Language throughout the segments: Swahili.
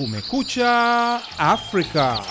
Kumekucha Afrika.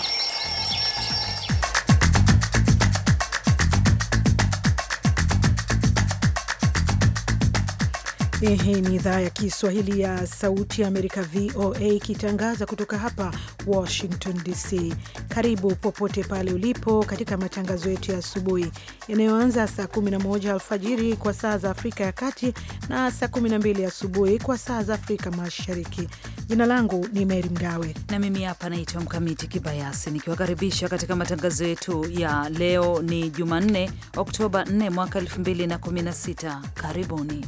Hii ni idhaa ya Kiswahili ya Sauti ya Amerika, VOA, ikitangaza kutoka hapa Washington DC. Karibu popote pale ulipo katika matangazo yetu ya asubuhi yanayoanza saa 11 alfajiri kwa saa za Afrika ya Kati na saa 12 asubuhi kwa saa za Afrika Mashariki. Jina langu ni Meri Mgawe na mimi hapa naitwa Mkamiti Kibayasi, nikiwakaribisha katika matangazo yetu ya leo. Ni Jumanne, Oktoba 4 mwaka 2016. Karibuni.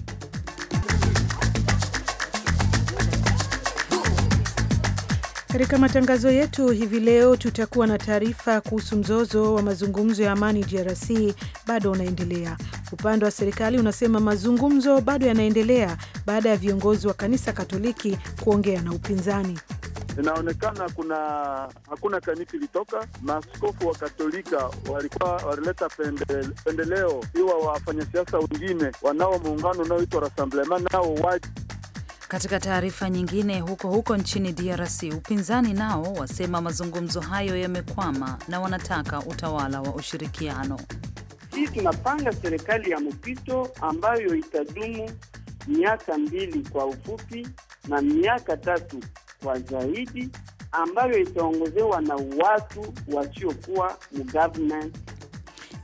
Katika matangazo yetu hivi leo tutakuwa na taarifa kuhusu mzozo wa mazungumzo ya amani DRC bado unaendelea. Upande wa serikali unasema mazungumzo bado yanaendelea baada ya viongozi wa kanisa Katoliki kuongea na upinzani inaonekana kuna hakuna kanisa ilitoka, maaskofu wa Katolika walikuwa walileta pendeleo iwa iwa wafanyasiasa wengine wanao muungano unaoitwa Rassemblement nao waji katika taarifa nyingine, huko huko nchini DRC upinzani nao wasema mazungumzo hayo yamekwama na wanataka utawala wa ushirikiano. Sisi tunapanga serikali ya mpito ambayo itadumu miaka mbili kwa ufupi na miaka tatu kwa zaidi ambayo itaongozewa na watu wasiokuwa mu government.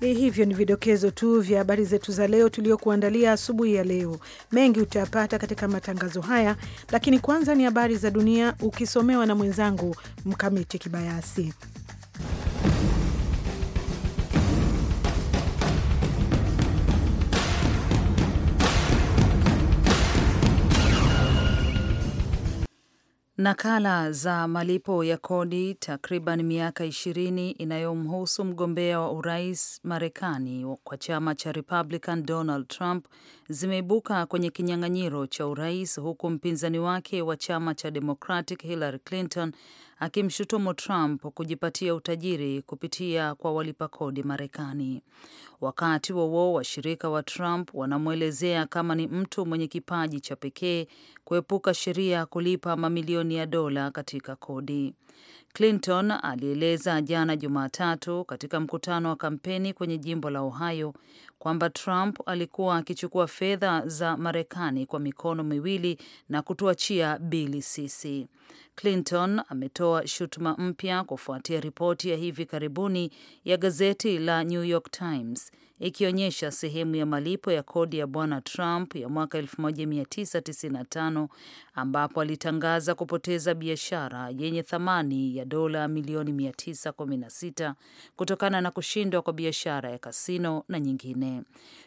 Eh, hivyo ni vidokezo tu vya habari zetu za leo tuliokuandalia asubuhi ya leo. Mengi utayapata katika matangazo haya, lakini kwanza ni habari za dunia ukisomewa na mwenzangu Mkamiti Kibayasi. Nakala za malipo ya kodi takriban miaka ishirini inayomhusu mgombea wa urais Marekani kwa chama cha Republican Donald Trump zimeibuka kwenye kinyang'anyiro cha urais huku mpinzani wake wa chama cha Democratic Hillary Clinton akimshutumu Trump kujipatia utajiri kupitia kwa walipa kodi Marekani. Wakati wowo washirika wa Trump wanamwelezea kama ni mtu mwenye kipaji cha pekee kuepuka sheria kulipa mamilioni ya dola katika kodi. Clinton alieleza jana Jumatatu katika mkutano wa kampeni kwenye jimbo la Ohio kwamba Trump alikuwa akichukua fedha za Marekani kwa mikono miwili na kutuachia bili Sisi. Clinton ametoa shutuma mpya kufuatia ripoti ya hivi karibuni ya gazeti la New York Times ikionyesha sehemu ya malipo ya kodi ya Bwana Trump ya mwaka 1995 ambapo alitangaza kupoteza biashara yenye thamani ya dola milioni 916 kutokana na kushindwa kwa biashara ya kasino na nyingine.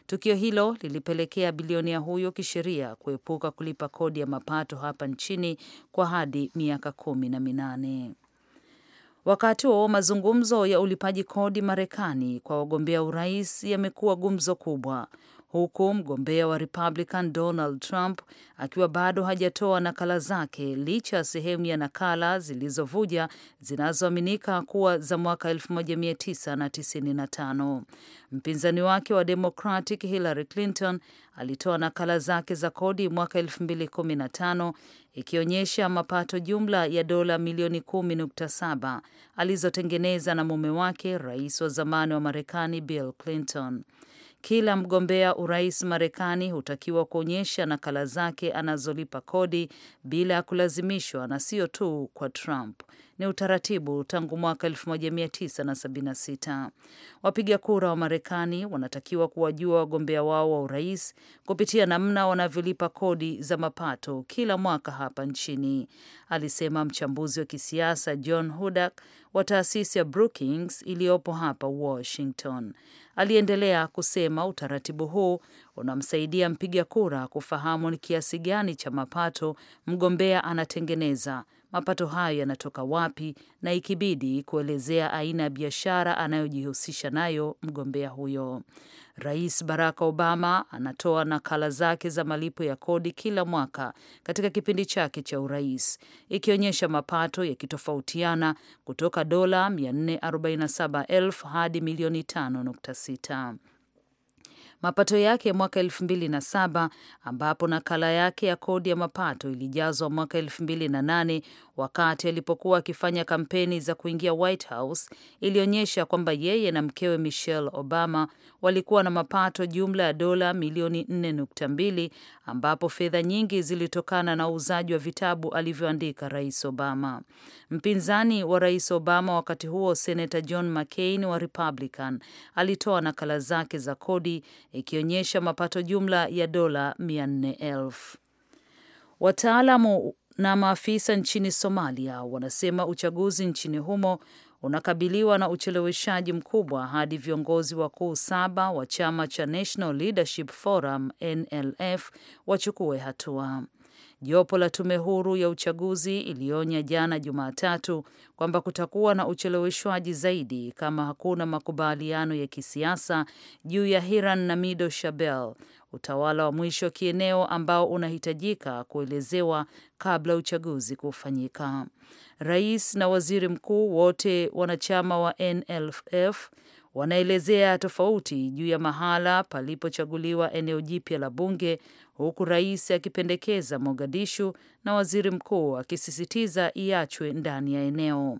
Tukio hilo lilipelekea bilionia huyo kisheria kuepuka kulipa kodi ya mapato hapa nchini kwa hadi miaka kumi na minane. Wakati huo mazungumzo ya ulipaji kodi Marekani kwa wagombea urais yamekuwa gumzo kubwa huku mgombea wa Republican Donald Trump akiwa bado hajatoa nakala zake licha ya sehemu ya nakala zilizovuja zinazoaminika kuwa za mwaka 1995. Mpinzani wake wa Democratic Hillary Clinton alitoa nakala zake za kodi mwaka 2015 ikionyesha mapato jumla ya dola milioni 10.7 alizotengeneza na mume wake, rais wa zamani wa Marekani Bill Clinton. Kila mgombea urais Marekani hutakiwa kuonyesha nakala zake anazolipa kodi bila ya kulazimishwa, na sio tu kwa Trump ni utaratibu tangu mwaka 1976. Wapiga kura wa Marekani wanatakiwa kuwajua wagombea wao wa urais kupitia namna wanavyolipa kodi za mapato kila mwaka hapa nchini, alisema mchambuzi wa kisiasa John Hudak wa taasisi ya Brookings iliyopo hapa Washington. Aliendelea kusema utaratibu huu unamsaidia mpiga kura kufahamu ni kiasi gani cha mapato mgombea anatengeneza mapato hayo yanatoka wapi, na ikibidi kuelezea aina ya biashara anayojihusisha nayo mgombea huyo. Rais Barack Obama anatoa nakala zake za malipo ya kodi kila mwaka katika kipindi chake cha urais, ikionyesha mapato yakitofautiana kutoka dola 447,000 hadi milioni 5.6 mapato yake mwaka elfu mbili na saba ambapo nakala yake ya kodi ya mapato ilijazwa mwaka elfu mbili na nane wakati alipokuwa akifanya kampeni za kuingia White House ilionyesha kwamba yeye na mkewe Michelle Obama walikuwa na mapato jumla ya dola milioni 4.2 ambapo fedha nyingi zilitokana na uuzaji wa vitabu alivyoandika Rais Obama. Mpinzani wa Rais Obama wakati huo, Senator John McCain wa Republican, alitoa nakala zake za kodi ikionyesha mapato jumla ya dola 400,000. Wataalamu na maafisa nchini Somalia wanasema uchaguzi nchini humo unakabiliwa na ucheleweshaji mkubwa hadi viongozi wakuu saba wa chama cha National Leadership Forum NLF wachukue hatua. Jopo la tume huru ya uchaguzi ilionya jana Jumatatu kwamba kutakuwa na ucheleweshwaji zaidi kama hakuna makubaliano ya kisiasa juu ya Hiran na Mido Shabel, utawala wa mwisho kieneo ambao unahitajika kuelezewa kabla uchaguzi kufanyika. Rais na waziri mkuu wote wanachama wa NLF wanaelezea tofauti juu ya mahala palipochaguliwa eneo jipya la bunge, huku rais akipendekeza Mogadishu na waziri mkuu akisisitiza iachwe ndani ya eneo.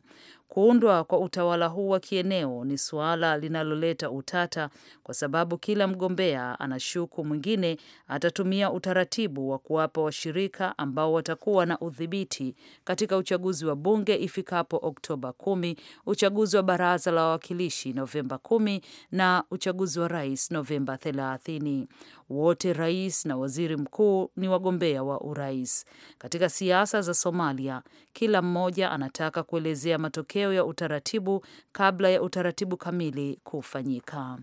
Kuundwa kwa utawala huu wa kieneo ni suala linaloleta utata kwa sababu kila mgombea anashuku mwingine atatumia utaratibu wa kuwapa washirika ambao watakuwa na udhibiti katika uchaguzi wa bunge ifikapo Oktoba kumi, uchaguzi wa baraza la wawakilishi Novemba kumi na uchaguzi wa rais Novemba thelathini. Wote rais na waziri mkuu ni wagombea wa urais. Katika siasa za Somalia, kila mmoja anataka kuelezea matokeo matokeo ya utaratibu kabla ya utaratibu kamili kufanyika.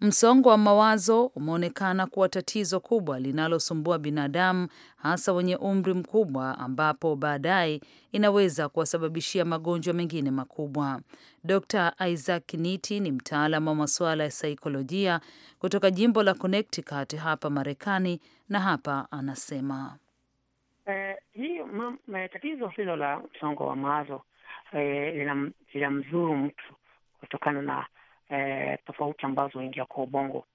Msongo wa mawazo umeonekana kuwa tatizo kubwa linalosumbua binadamu hasa wenye umri mkubwa, ambapo baadaye inaweza kuwasababishia magonjwa mengine makubwa. Dr Isaac Kiniti ni mtaalam wa masuala ya saikolojia kutoka jimbo la Connecticut hapa Marekani, na hapa anasema eh, hii mm, eh, tatizo hilo la msongo wa mawazo eh, mzuru mtu kutokana na eh, tofauti ambazo huingia kwa ubongo,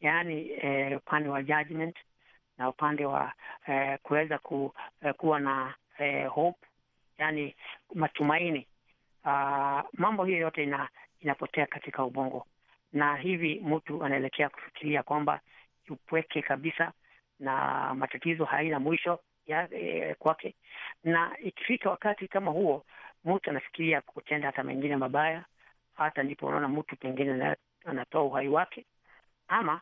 yaani eh, upande wa judgment na upande wa eh, kuweza ku, eh, kuwa na eh, hope, yaani matumaini. Uh, mambo hiyo yote ina, inapotea katika ubongo, na hivi mtu anaelekea kufikiria kwamba upweke kabisa na matatizo haina mwisho ya, e, kwake. Na ikifika wakati kama huo mtu anafikiria kutenda hata mengine mabaya, hata ndipo unaona mtu pengine anatoa uhai wake, ama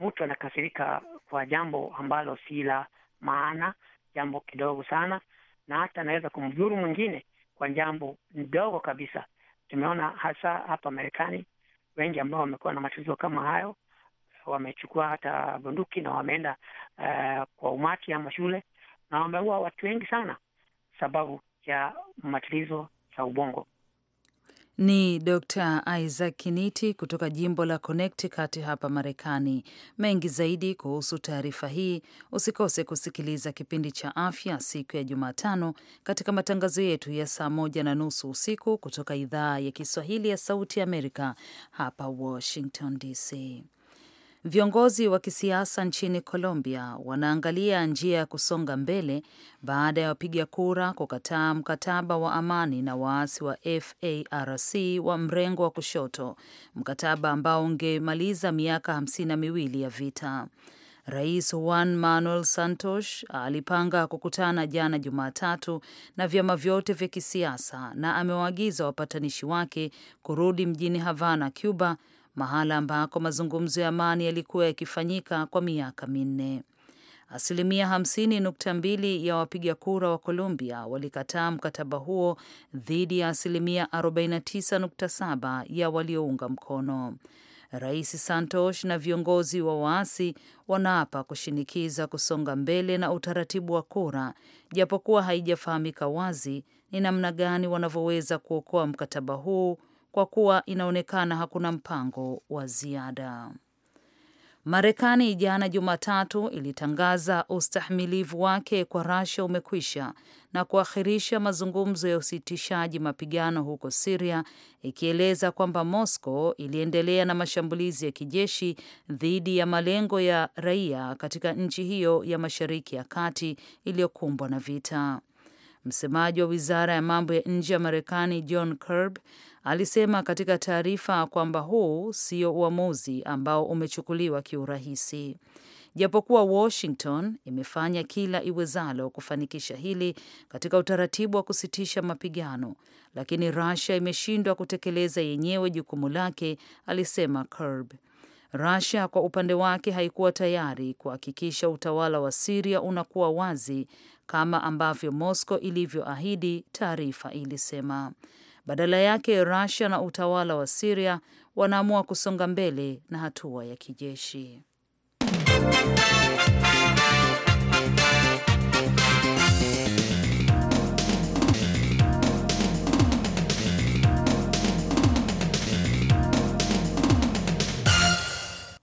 mtu anakasirika kwa jambo ambalo si la maana, jambo kidogo sana, na hata anaweza kumdhuru mwingine kwa jambo ndogo kabisa. Tumeona hasa hapa Marekani wengi ambao wamekuwa na matatizo kama hayo wamechukua hata bunduki na wameenda uh, kwa umati ama shule na wameua watu wengi sana, sababu cha matatizo ya ubongo. Ni Dr. Isaac Kiniti kutoka jimbo la Connecticut hapa Marekani. Mengi zaidi kuhusu taarifa hii usikose kusikiliza kipindi cha afya siku ya Jumatano katika matangazo yetu ya saa moja na nusu usiku kutoka idhaa ya Kiswahili ya Sauti Amerika hapa Washington DC. Viongozi wa kisiasa nchini Colombia wanaangalia njia ya kusonga mbele baada ya wapiga kura kukataa mkataba wa amani na waasi wa FARC wa mrengo wa kushoto, mkataba ambao ungemaliza miaka hamsini na miwili ya vita. Rais Juan Manuel Santos alipanga kukutana jana Jumatatu na vyama vyote vya kisiasa na amewaagiza wapatanishi wake kurudi mjini Havana, Cuba mahala ambako mazungumzo ya amani yalikuwa yakifanyika kwa miaka minne. Asilimia 52 ya wapiga kura wa Colombia walikataa mkataba huo dhidi ya asilimia 49.7 ya waliounga mkono. Rais Santos na viongozi wa waasi wanaapa kushinikiza kusonga mbele na utaratibu wa kura, japokuwa haijafahamika wazi ni namna gani wanavyoweza kuokoa mkataba huu kwa kuwa inaonekana hakuna mpango wa ziada. Marekani jana Jumatatu ilitangaza ustahimilivu wake kwa Russia umekwisha na kuakhirisha mazungumzo ya usitishaji mapigano huko Siria, ikieleza kwamba Moscow iliendelea na mashambulizi ya kijeshi dhidi ya malengo ya raia katika nchi hiyo ya Mashariki ya Kati iliyokumbwa na vita. Msemaji wa wizara ya mambo ya nje ya Marekani John Kirby alisema katika taarifa kwamba huu sio uamuzi ambao umechukuliwa kiurahisi. Japokuwa Washington imefanya kila iwezalo kufanikisha hili katika utaratibu wa kusitisha mapigano, lakini Russia imeshindwa kutekeleza yenyewe jukumu lake, alisema Kirby. Russia kwa upande wake haikuwa tayari kuhakikisha utawala wa Syria unakuwa wazi kama ambavyo Moscow ilivyoahidi, taarifa ilisema. Badala yake, Russia na utawala wa Syria wanaamua kusonga mbele na hatua ya kijeshi.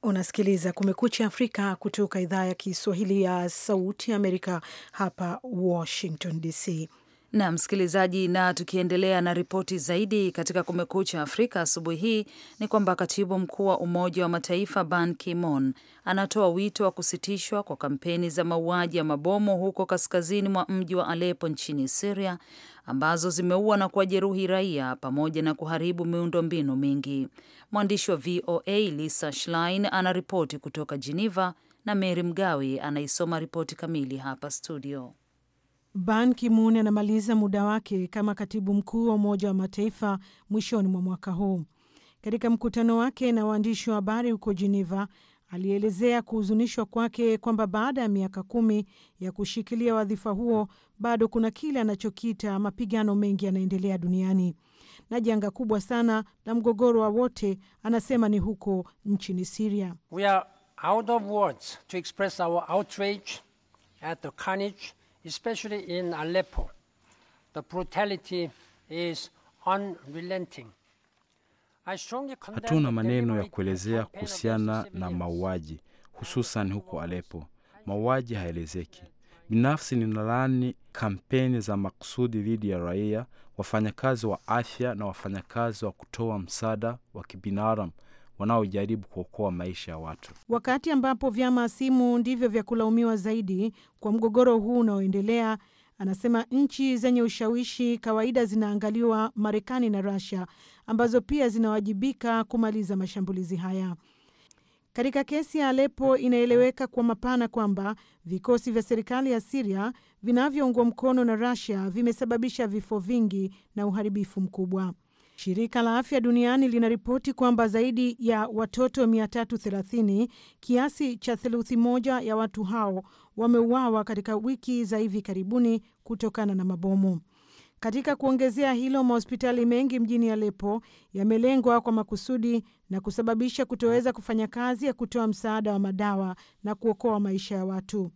Unasikiliza Kumekucha Afrika kutoka idhaa ya Kiswahili ya Sauti Amerika hapa Washington DC. Na msikilizaji, na tukiendelea na ripoti zaidi katika Kumekucha Afrika asubuhi hii ni kwamba katibu mkuu wa Umoja wa Mataifa Ban Ki-moon anatoa wito wa kusitishwa kwa kampeni za mauaji ya mabomu huko kaskazini mwa mji wa Aleppo nchini Syria ambazo zimeua na kuwajeruhi raia pamoja na kuharibu miundombinu mingi. Mwandishi wa VOA Lisa Schlein anaripoti kutoka Geneva na Mary Mgawe anaisoma ripoti kamili hapa studio. Ban Ki-moon anamaliza muda wake kama katibu mkuu wa Umoja wa Mataifa mwishoni mwa mwaka huu. Katika mkutano wake na waandishi wa habari huko Geneva, alielezea kuhuzunishwa kwake kwamba baada ya miaka kumi ya kushikilia wadhifa huo bado kuna kile anachokiita mapigano mengi yanaendelea duniani na janga kubwa sana la mgogoro wa wote, anasema ni huko nchini Siria. We are out of words to express our outrage at the carnage especially in Aleppo, the brutality is unrelenting. Hatuna maneno ya kuelezea kuhusiana na mauaji, hususan huko Aleppo. Mauaji haelezeki. Binafsi ninalaani kampeni za makusudi dhidi ya raia, wafanyakazi wa afya na wafanyakazi wa kutoa msaada wa kibinadamu wanaojaribu kuokoa maisha ya watu, wakati ambapo vyama simu ndivyo vya kulaumiwa zaidi kwa mgogoro huu unaoendelea. Anasema nchi zenye ushawishi kawaida zinaangaliwa, Marekani na rasia ambazo pia zinawajibika kumaliza mashambulizi haya. Katika kesi ya Alepo inaeleweka kwa mapana kwamba vikosi vya serikali ya Siria vinavyoungwa mkono na rasia vimesababisha vifo vingi na uharibifu mkubwa. Shirika la Afya Duniani linaripoti kwamba zaidi ya watoto 330 kiasi cha theluthi moja ya watu hao wameuawa katika wiki za hivi karibuni kutokana na mabomu. Katika kuongezea hilo, mahospitali mengi mjini Alepo yamelengwa kwa makusudi na kusababisha kutoweza kufanya kazi ya kutoa msaada wa madawa na kuokoa maisha ya watu.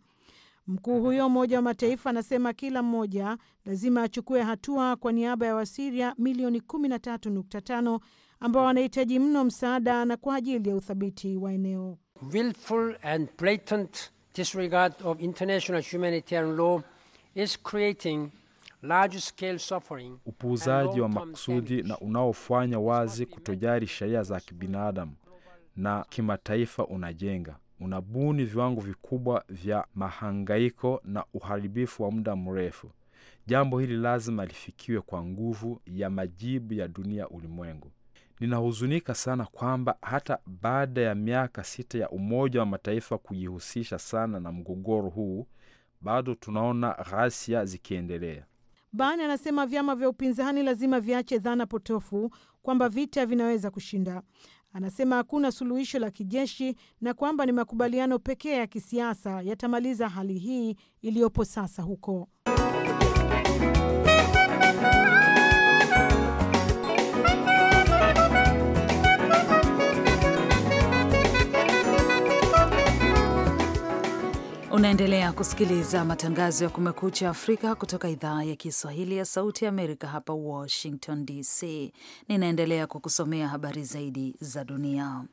Mkuu huyo mmoja Umoja wa Mataifa anasema kila mmoja lazima achukue hatua kwa niaba ya Wasiria milioni 13.5 ambao wanahitaji mno msaada na kwa ajili ya uthabiti wa eneo. Willful and blatant disregard of international humanitarian law is creating upuuzaji wa makusudi na unaofanya wazi kutojali sheria za kibinadamu na kimataifa unajenga unabuni viwango vikubwa vya mahangaiko na uharibifu wa muda mrefu. Jambo hili lazima lifikiwe kwa nguvu ya majibu ya dunia ulimwengu. Ninahuzunika sana kwamba hata baada ya miaka sita ya Umoja wa Mataifa kujihusisha sana na mgogoro huu bado tunaona ghasia zikiendelea. Ban anasema vyama vya upinzani lazima viache dhana potofu kwamba vita vinaweza kushinda. Anasema hakuna suluhisho la kijeshi na kwamba ni makubaliano pekee ya kisiasa yatamaliza hali hii iliyopo sasa huko. Unaendelea kusikiliza matangazo ya Kumekucha Afrika kutoka idhaa ya Kiswahili ya Sauti ya Amerika, hapa Washington DC. Ninaendelea kukusomea habari zaidi za dunia.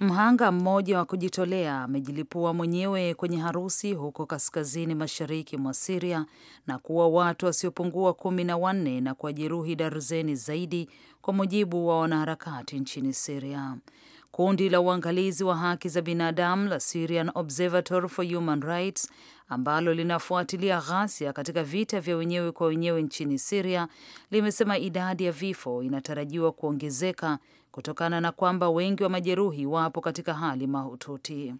Mhanga mmoja wa kujitolea amejilipua mwenyewe kwenye harusi huko kaskazini mashariki mwa Siria na kuwa watu wasiopungua kumi na wanne na kuwajeruhi darzeni zaidi, kwa mujibu wa wanaharakati nchini Siria. Kundi la uangalizi wa haki za binadamu la Syrian Observatory for Human Rights ambalo linafuatilia ghasia katika vita vya wenyewe kwa wenyewe nchini Syria limesema idadi ya vifo inatarajiwa kuongezeka kutokana na kwamba wengi wa majeruhi wapo katika hali mahututi.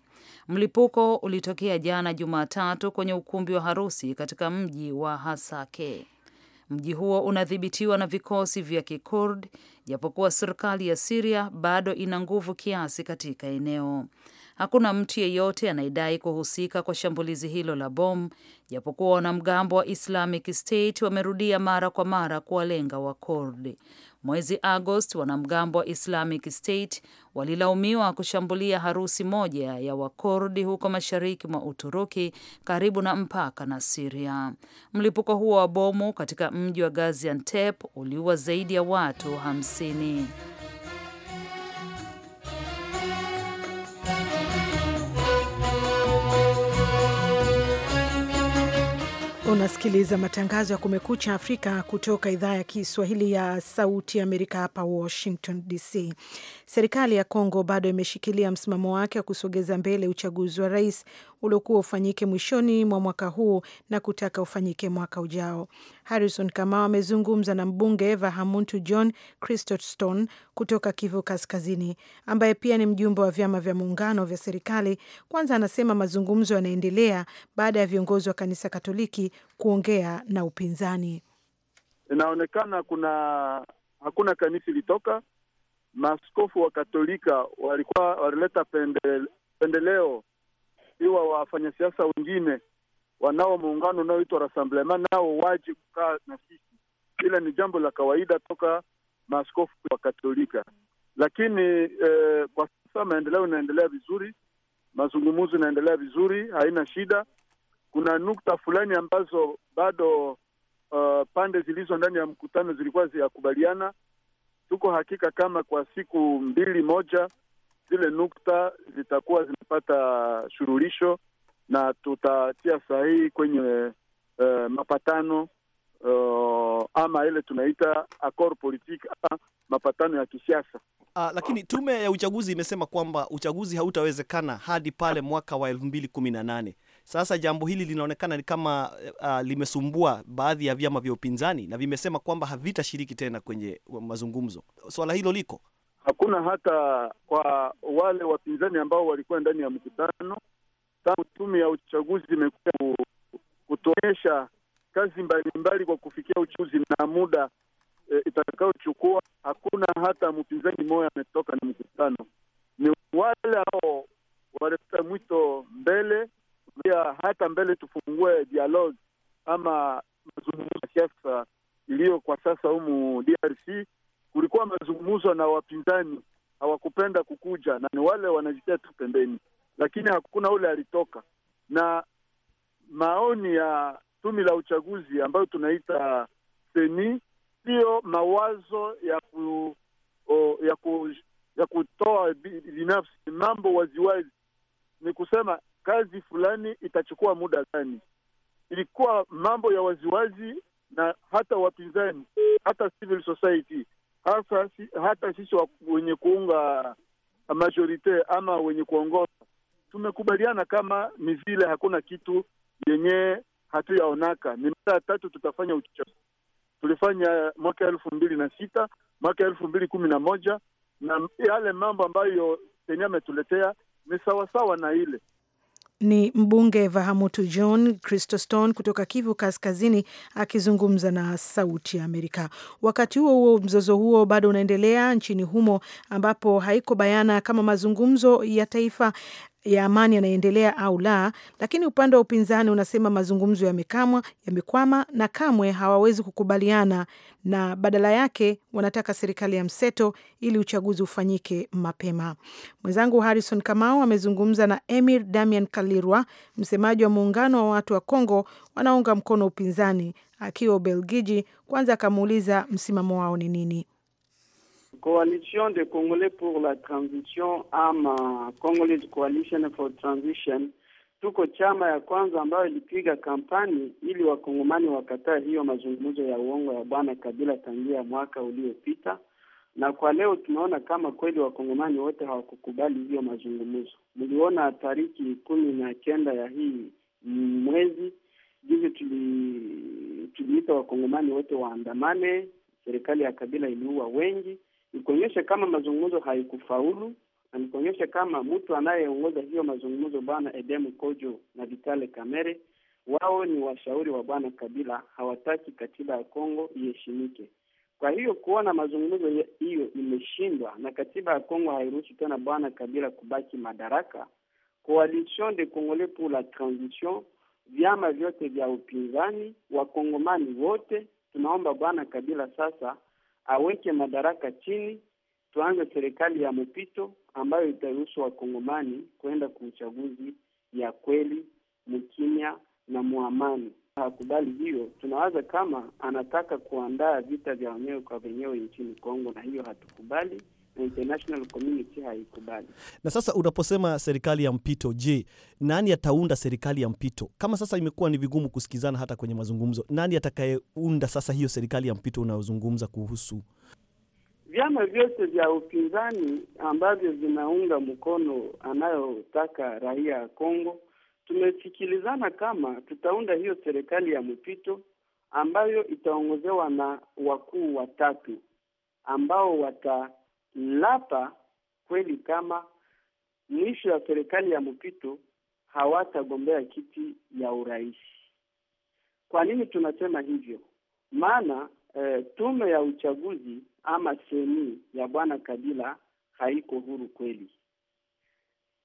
Mlipuko ulitokea jana Jumatatu kwenye ukumbi wa harusi katika mji wa Hasake. Mji huo unadhibitiwa na vikosi vya Kikurd japokuwa serikali ya Siria bado ina nguvu kiasi katika eneo. Hakuna mtu yeyote anayedai kuhusika kwa shambulizi hilo la bomu, japokuwa wanamgambo wa Islamic State wamerudia mara kwa mara kuwalenga Wakurdi. Mwezi Agosti, wanamgambo wa Islamic State walilaumiwa kushambulia harusi moja ya Wakurdi huko mashariki mwa Uturuki karibu na mpaka na Siria. Mlipuko huo wa bomu katika mji wa Gaziantep uliua zaidi ya watu hamsini. Unasikiliza matangazo ya Kumekucha Afrika kutoka idhaa ya Kiswahili ya Sauti Amerika, hapa Washington DC. Serikali ya Kongo bado imeshikilia msimamo wake wa kusogeza mbele uchaguzi wa rais uliokuwa ufanyike mwishoni mwa mwaka huu na kutaka ufanyike mwaka ujao. Harrison Kamau amezungumza na mbunge Eva Hamuntu John Christostone kutoka Kivu Kaskazini, ambaye pia ni mjumbe wa vyama vya muungano vya serikali. Kwanza anasema mazungumzo yanaendelea baada ya viongozi wa kanisa Katoliki kuongea na upinzani. Inaonekana kuna hakuna kanisa ilitoka maaskofu wa Katolika walikuwa walileta pendeleo iwa wafanyasiasa wengine wanao muungano unaoitwa Rassemblement nao waje kukaa na sisi. ila ni jambo la kawaida toka maaskofu wa Katolika, lakini eh, kwa sasa maendeleo inaendelea vizuri, mazungumzo inaendelea vizuri, haina shida. Kuna nukta fulani ambazo bado uh, pande zilizo ndani ya mkutano zilikuwa ziyakubaliana. Tuko hakika kama kwa siku mbili moja zile nukta zitakuwa zimepata shuruhisho na tutatia sahihi kwenye uh, mapatano uh, ama ile tunaita accord politique ama mapatano ya kisiasa. Uh, lakini tume ya uchaguzi imesema kwamba uchaguzi hautawezekana hadi pale mwaka wa elfu mbili kumi na nane. Sasa jambo hili linaonekana ni kama uh, limesumbua baadhi ya vyama vya upinzani na vimesema kwamba havitashiriki tena kwenye mazungumzo. Swala hilo liko hakuna hata kwa wale wapinzani ambao walikuwa ndani ya mkutano, tangu tume ya uchaguzi imekuja kutuonyesha kazi mbalimbali mbali kwa kufikia uchaguzi na muda e, itakayochukua. Hakuna hata mpinzani mmoja ametoka na mkutano. Ni wale ambao waleta mwito mbele pia, hata mbele tufungue dialogue ama mazungumzo ya siasa iliyo kwa sasa humu DRC kulikuwa mazungumzo na wapinzani hawakupenda kukuja, na ni wale wanajitia tu pembeni, lakini hakuna ule alitoka na maoni ya tumi la uchaguzi ambayo tunaita seni, siyo mawazo ya ku, o, ya, ku, ya kutoa binafsi mambo waziwazi, ni kusema kazi fulani itachukua muda gani. Ilikuwa mambo ya waziwazi, na hata wapinzani, hata civil society hasa si, hata sisi wenye kuunga majorite ama wenye kuongoza tumekubaliana kama ni vile hakuna kitu yenye hatuyaonaka. Ni mara ya tatu tutafanya uchaguzi. Tulifanya mwaka elfu mbili na sita mwaka elfu mbili kumi na moja na yale mambo ambayo Kenya ametuletea ni sawasawa na ile ni mbunge Vahamutu John Chrysostom kutoka Kivu Kaskazini akizungumza na Sauti ya Amerika. Wakati huo huo, mzozo huo bado unaendelea nchini humo ambapo haiko bayana kama mazungumzo ya taifa ya amani yanaendelea au la, lakini upande wa upinzani unasema mazungumzo yamekamwa yamekwama na kamwe hawawezi kukubaliana, na badala yake wanataka serikali ya mseto ili uchaguzi ufanyike mapema. Mwenzangu Harrison Kamau amezungumza na Emir Damian Kalirwa, msemaji wa muungano wa watu wa Kongo wanaunga mkono upinzani akiwa Ubelgiji, kwanza akamuuliza msimamo wao ni nini. Coalition des Congolais pour la Transition ama Congolese Coalition for Transition, tuko chama ya kwanza ambayo ilipiga kampani ili wakongomani wakataa hiyo mazungumzo ya uongo ya bwana Kabila tangia mwaka uliopita, na kwa leo tunaona kama kweli wakongomani wote hawakukubali hiyo mazungumzo. Mliona tariki kumi na kenda ya hii mwezi juzi, tuliita wakongomani wote waandamane, serikali ya Kabila iliua wengi nikuonyeshe kama mazungumzo haikufaulu na nikuonyeshe kama mtu anayeongoza hiyo mazungumzo Bwana Edem Kojo na Vitale Kamere, wao ni washauri wa Bwana Kabila, hawataki katiba ya Kongo iheshimike. Kwa hiyo kuona mazungumzo hiyo imeshindwa na katiba ya Kongo hairuhusu tena Bwana Kabila kubaki madaraka, Coalition de Congolais pour la Transition, vyama vyote vya upinzani, wakongomani wote tunaomba Bwana Kabila sasa aweke madaraka chini, tuanze serikali ya mpito ambayo itaruhusu wakongomani kwenda kwa uchaguzi ya kweli mkimya na muamani. Hakubali hiyo, tunawaza kama anataka kuandaa vita vya wenyewe kwa wenyewe nchini Kongo, na hiyo hatukubali na international community haikubali. Na sasa unaposema serikali ya mpito, je, nani ataunda serikali ya mpito? Kama sasa imekuwa ni vigumu kusikizana hata kwenye mazungumzo, nani atakayeunda sasa hiyo serikali ya mpito unayozungumza kuhusu? Vyama vyote vya upinzani ambavyo vinaunga mkono anayotaka raia ya Kongo, tumesikilizana kama tutaunda hiyo serikali ya mpito ambayo itaongozewa na wakuu watatu ambao wata lapa kweli kama mwisho ya serikali ya mpito hawatagombea kiti ya urais. Kwa nini tunasema hivyo? Maana e, tume ya uchaguzi ama seni ya bwana Kabila haiko huru kweli.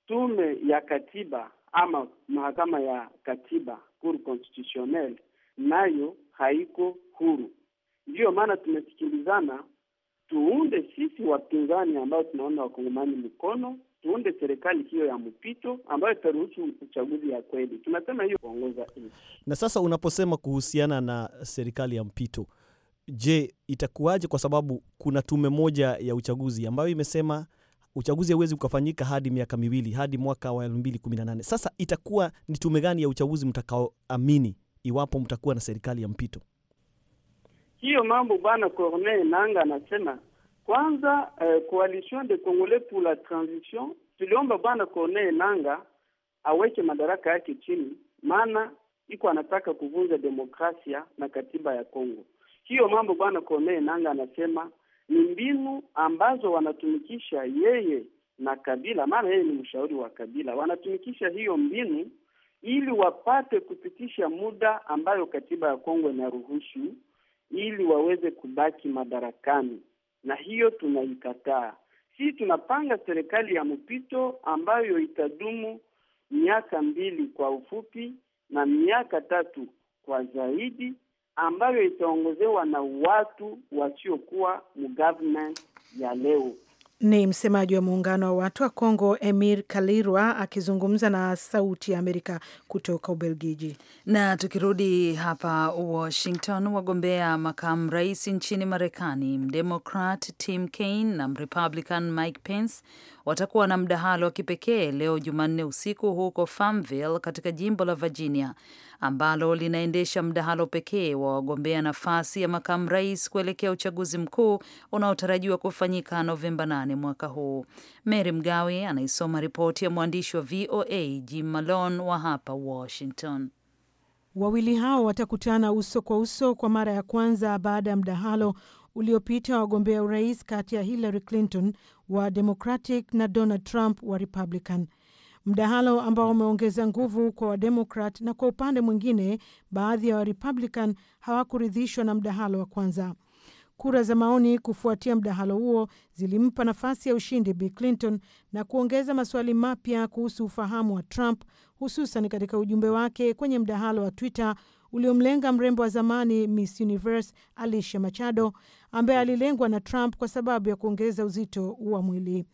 Tume ya katiba ama mahakama ya katiba Cour Constitutionnelle nayo haiko huru. Ndiyo maana tumesikilizana tuunde sisi wapinzani ambao tunaona wakongomani mkono, tuunde serikali hiyo ya mpito ambayo itaruhusu uchaguzi ya kweli. Tunasema hiyo kuongoza nchi. Na sasa unaposema kuhusiana na serikali ya mpito, je, itakuwaje? Kwa sababu kuna tume moja ya uchaguzi ambayo imesema uchaguzi hauwezi ukafanyika hadi miaka miwili hadi mwaka wa elfu mbili kumi na nane. Sasa itakuwa ni tume gani ya uchaguzi mtakaoamini iwapo mtakuwa na serikali ya mpito? hiyo mambo bwana Corneille Nanga anasema kwanza, eh, coalition de Congolais pour la transition tuliomba bwana Corneille Nanga aweke madaraka yake chini, maana iko anataka kuvunja demokrasia na katiba ya Kongo. Hiyo mambo bwana Corneille Nanga anasema ni mbinu ambazo wanatumikisha yeye na Kabila, maana yeye ni mshauri wa Kabila. Wanatumikisha hiyo mbinu ili wapate kupitisha muda ambayo katiba ya Kongo inaruhusu ili waweze kubaki madarakani, na hiyo tunaikataa. Sisi tunapanga serikali ya mpito ambayo itadumu miaka mbili kwa ufupi na miaka tatu kwa zaidi, ambayo itaongozewa na watu wasiokuwa mu government ya leo. Ni msemaji wa muungano wa watu wa Kongo Emir Kalirwa akizungumza na Sauti ya Amerika kutoka Ubelgiji. Na tukirudi hapa Washington, wagombea makamu rais nchini Marekani, Mdemokrat Tim Kaine na Mrepublican Mike Pence watakuwa na mdahalo wa kipekee leo Jumanne usiku huko Farmville katika jimbo la Virginia ambalo linaendesha mdahalo pekee wa wagombea nafasi ya makamu rais kuelekea uchaguzi mkuu unaotarajiwa kufanyika Novemba 8 mwaka huu. Mary Mgawe anaisoma ripoti ya mwandishi wa VOA Jim Malone wa hapa Washington. Wawili hao watakutana uso kwa uso kwa mara ya kwanza baada ya mdahalo uliopita wagombea urais kati ya Hillary Clinton wa Democratic na Donald Trump wa Republican, mdahalo ambao umeongeza nguvu kwa Wademokrat na kwa upande mwingine, baadhi ya Warepublican hawakuridhishwa na mdahalo wa kwanza. Kura za maoni kufuatia mdahalo huo zilimpa nafasi ya ushindi Bi Clinton na kuongeza maswali mapya kuhusu ufahamu wa Trump, hususan katika ujumbe wake kwenye mdahalo wa Twitter uliomlenga mrembo wa zamani Miss Universe Alicia Machado ambaye alilengwa na Trump kwa sababu ya kuongeza uzito wa mwili.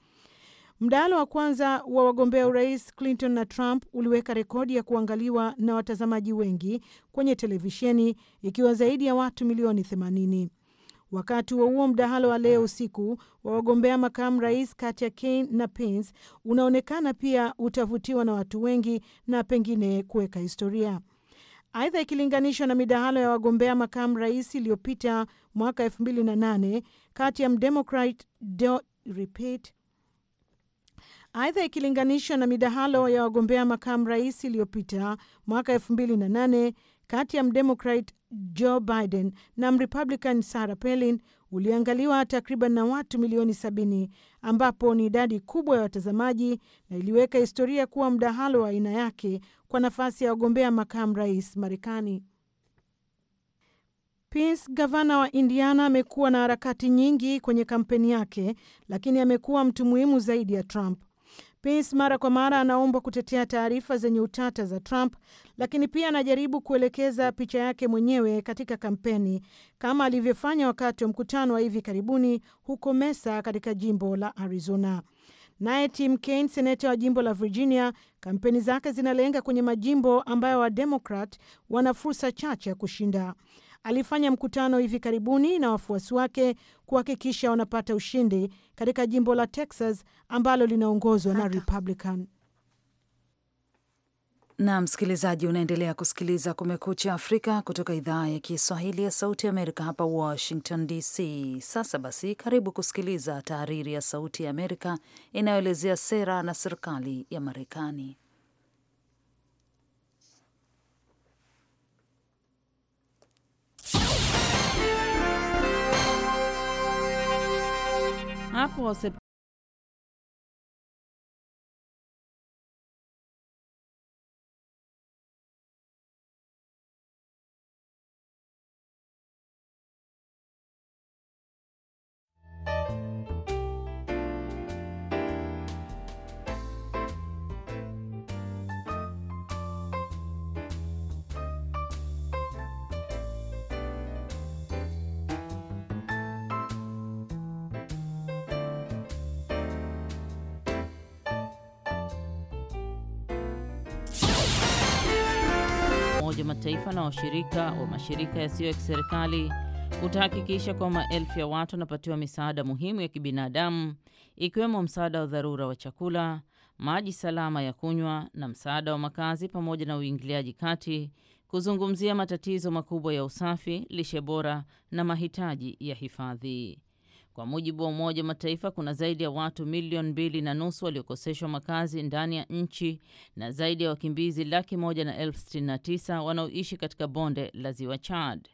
Mdahalo wa kwanza wa wagombea urais Clinton na Trump uliweka rekodi ya kuangaliwa na watazamaji wengi kwenye televisheni ikiwa zaidi ya watu milioni 80. Wakati wa huo mdahalo wa leo usiku wa wagombea makamu rais kati ya Kane na Pence unaonekana pia utavutiwa na watu wengi na pengine kuweka historia. Aidha, ikilinganishwa na midahalo ya wagombea makamu rais iliyopita mwaka elfu mbili na nane kati ya mdemokrat repeat Aidha, ikilinganishwa na midahalo ya wagombea makamu rais iliyopita mwaka elfu mbili na nane kati ya mdemokrat Joe Biden na mrepublican Sarah Palin uliangaliwa takriban na watu milioni sabini ambapo ni idadi kubwa ya watazamaji na iliweka historia kuwa mdahalo wa aina yake kwa nafasi ya wagombea makamu rais Marekani. Pence, gavana wa Indiana, amekuwa na harakati nyingi kwenye kampeni yake, lakini amekuwa mtu muhimu zaidi ya Trump. Pence mara kwa mara anaombwa kutetea taarifa zenye utata za Trump, lakini pia anajaribu kuelekeza picha yake mwenyewe katika kampeni kama alivyofanya wakati wa mkutano wa hivi karibuni huko Mesa katika jimbo la Arizona. Naye Tim Kaine, seneta wa jimbo la Virginia, kampeni zake zinalenga kwenye majimbo ambayo Wademokrat wana fursa chache ya kushinda alifanya mkutano hivi karibuni na wafuasi wake kuhakikisha wanapata ushindi katika jimbo la Texas ambalo linaongozwa na Republican. Na msikilizaji, unaendelea kusikiliza Kumekucha Afrika kutoka idhaa ya Kiswahili ya Sauti ya Amerika hapa Washington DC. Sasa basi, karibu kusikiliza tahariri ya Sauti ya Amerika inayoelezea sera na serikali ya Marekani. was it kimataifa na washirika wa mashirika yasiyo ya kiserikali utahakikisha kwa maelfu ya watu wanapatiwa misaada muhimu ya kibinadamu ikiwemo msaada wa dharura wa chakula, maji salama ya kunywa na msaada wa makazi, pamoja na uingiliaji kati kuzungumzia matatizo makubwa ya usafi, lishe bora na mahitaji ya hifadhi. Kwa mujibu wa Umoja wa Mataifa, kuna zaidi ya watu milioni mbili na nusu waliokoseshwa makazi ndani ya nchi na zaidi ya wakimbizi laki moja na elfu sitini na tisa wanaoishi katika bonde la ziwa Chad.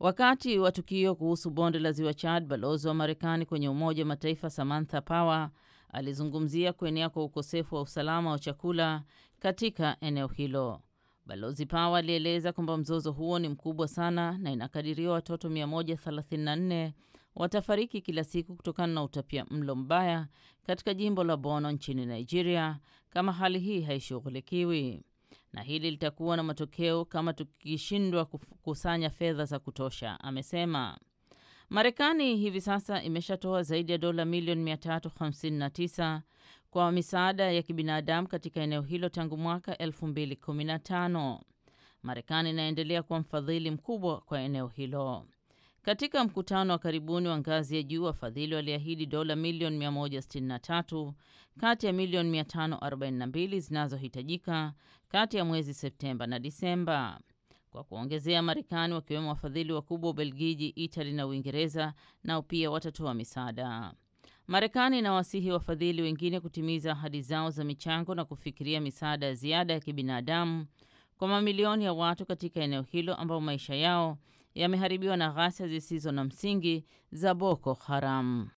Wakati wa tukio kuhusu bonde la ziwa Chad, balozi wa Marekani kwenye Umoja wa Mataifa Samantha Power alizungumzia kuenea kwa ukosefu wa usalama wa chakula katika eneo hilo. Balozi Power alieleza kwamba mzozo huo ni mkubwa sana na inakadiriwa watoto 134 watafariki kila siku kutokana na utapia mlo mbaya katika jimbo la Bono nchini Nigeria kama hali hii haishughulikiwi, na hili litakuwa na matokeo kama tukishindwa kukusanya fedha za kutosha, amesema. Marekani hivi sasa imeshatoa zaidi ya dola milioni 359 kwa misaada ya kibinadamu katika eneo hilo tangu mwaka 2015. Marekani inaendelea kuwa mfadhili mkubwa kwa eneo hilo. Katika mkutano wa karibuni wa ngazi ya juu wafadhili waliahidi dola milioni 163 kati ya milioni 542 zinazohitajika kati ya mwezi Septemba na Disemba kwa kuongezea, Marekani wakiwemo wafadhili wakubwa Ubelgiji, Itali na Uingereza nao pia watatoa misaada. Marekani inawasihi wafadhili wengine kutimiza ahadi zao za michango na kufikiria misaada ya ziada ya kibinadamu kwa mamilioni ya watu katika eneo hilo ambao maisha yao yameharibiwa na ghasia zisizo na msingi za Boko Haram.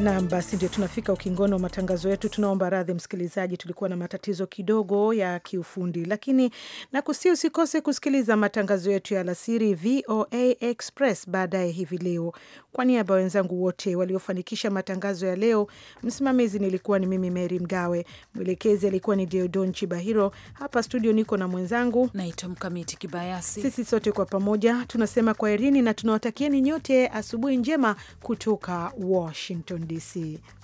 Nam, basi ndio tunafika ukingoni wa matangazo yetu. Tunaomba radhi msikilizaji, tulikuwa na matatizo kidogo ya kiufundi, lakini nakusihi usikose kusikiliza matangazo yetu ya alasiri VOA Express baadaye hivi leo. Kwa niaba ya wenzangu wote waliofanikisha matangazo ya leo, msimamizi nilikuwa ni mimi Mary Mgawe, mwelekezi alikuwa ni Deodon Chibahiro. Hapa studio niko na mwenzangu naitwa Mkamiti Kibayasi. Sisi sote kwa pamoja tunasema kwaherini na tunawatakieni nyote asubuhi njema kutoka Washington. DC